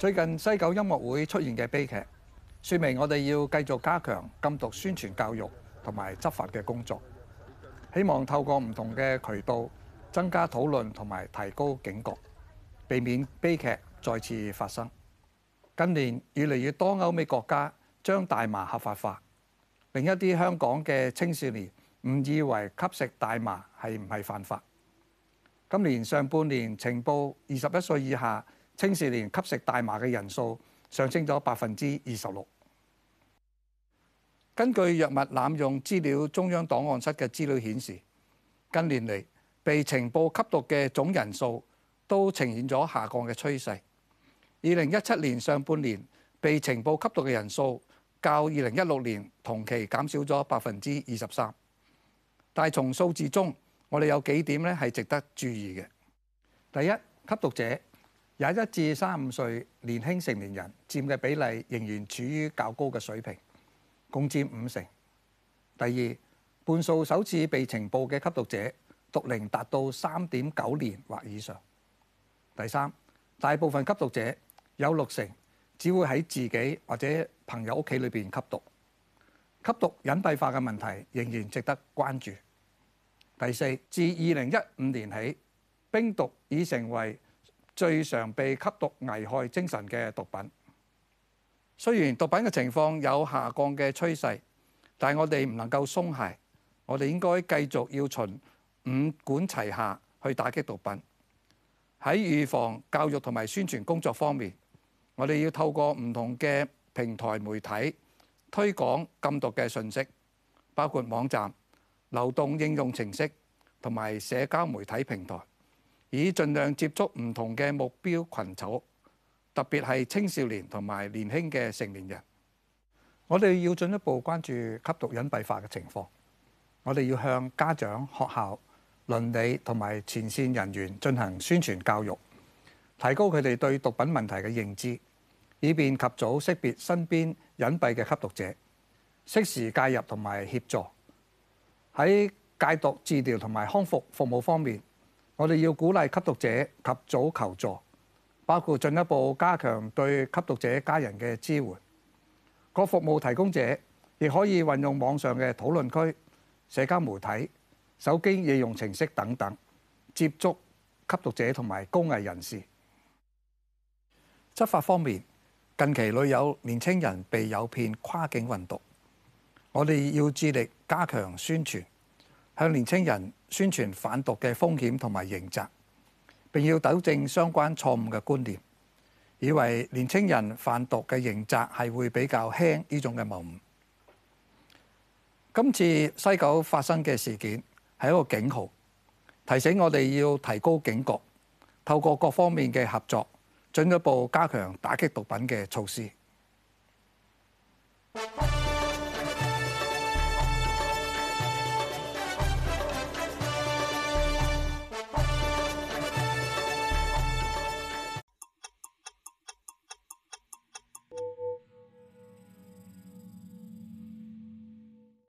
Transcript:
最近西九音樂會出現嘅悲劇，說明我哋要繼續加強禁毒宣傳教育同埋執法嘅工作。希望透過唔同嘅渠道，增加討論同埋提高警覺，避免悲劇再次發生。近年越嚟越多歐美國家將大麻合法化，令一啲香港嘅青少年誤以為吸食大麻係唔係犯法。今年上半年，情報二十一歲以下。青少年吸食大麻嘅人數上升咗百分之二十六。根據藥物濫用資料，中央檔案室嘅資料顯示，近年嚟被呈報吸毒嘅總人數都呈現咗下降嘅趨勢。二零一七年上半年被呈報吸毒嘅人數較二零一六年同期減少咗百分之二十三，但係從數字中，我哋有幾點咧係值得注意嘅。第一，吸毒者。廿一至三五歲年輕成年人佔嘅比例仍然處於較高嘅水平，共佔五成。第二，半數首次被呈報嘅吸毒者毒齡達到三點九年或以上。第三，大部分吸毒者有六成只會喺自己或者朋友屋企裏邊吸毒，吸毒隱蔽化嘅問題仍然值得關注。第四，自二零一五年起，冰毒已成為最常被吸毒危害精神嘅毒品，雖然毒品嘅情況有下降嘅趨勢，但係我哋唔能夠鬆懈，我哋應該繼續要循五管齊下去打擊毒品。喺預防教育同埋宣傳工作方面，我哋要透過唔同嘅平台媒體推廣禁毒嘅信息，包括網站、流動應用程式同埋社交媒體平台。以盡量接觸唔同嘅目標群組，特別係青少年同埋年輕嘅成年人。我哋要進一步關注吸毒隱蔽化嘅情況。我哋要向家長、學校、倫理同埋前線人員進行宣傳教育，提高佢哋對毒品問題嘅認知，以便及早識別身邊隱蔽嘅吸毒者，適時介入同埋協助。喺戒毒治療同埋康復服務方面。我哋要鼓勵吸毒者及早求助，包括進一步加強對吸毒者家人嘅支援。各服務提供者亦可以運用網上嘅討論區、社交媒體、手機應用程式等等，接觸吸毒者同埋高危人士。執法方面，近期嚟有年青人被誘騙跨境運毒，我哋要致力加強宣傳。向年青人宣傳販毒嘅風險同埋刑責，並要糾正相關錯誤嘅觀念，以為年青人販毒嘅刑責係會比較輕呢種嘅謬誤。今次西九發生嘅事件係一個警號，提醒我哋要提高警覺，透過各方面嘅合作，進一步加強打擊毒品嘅措施。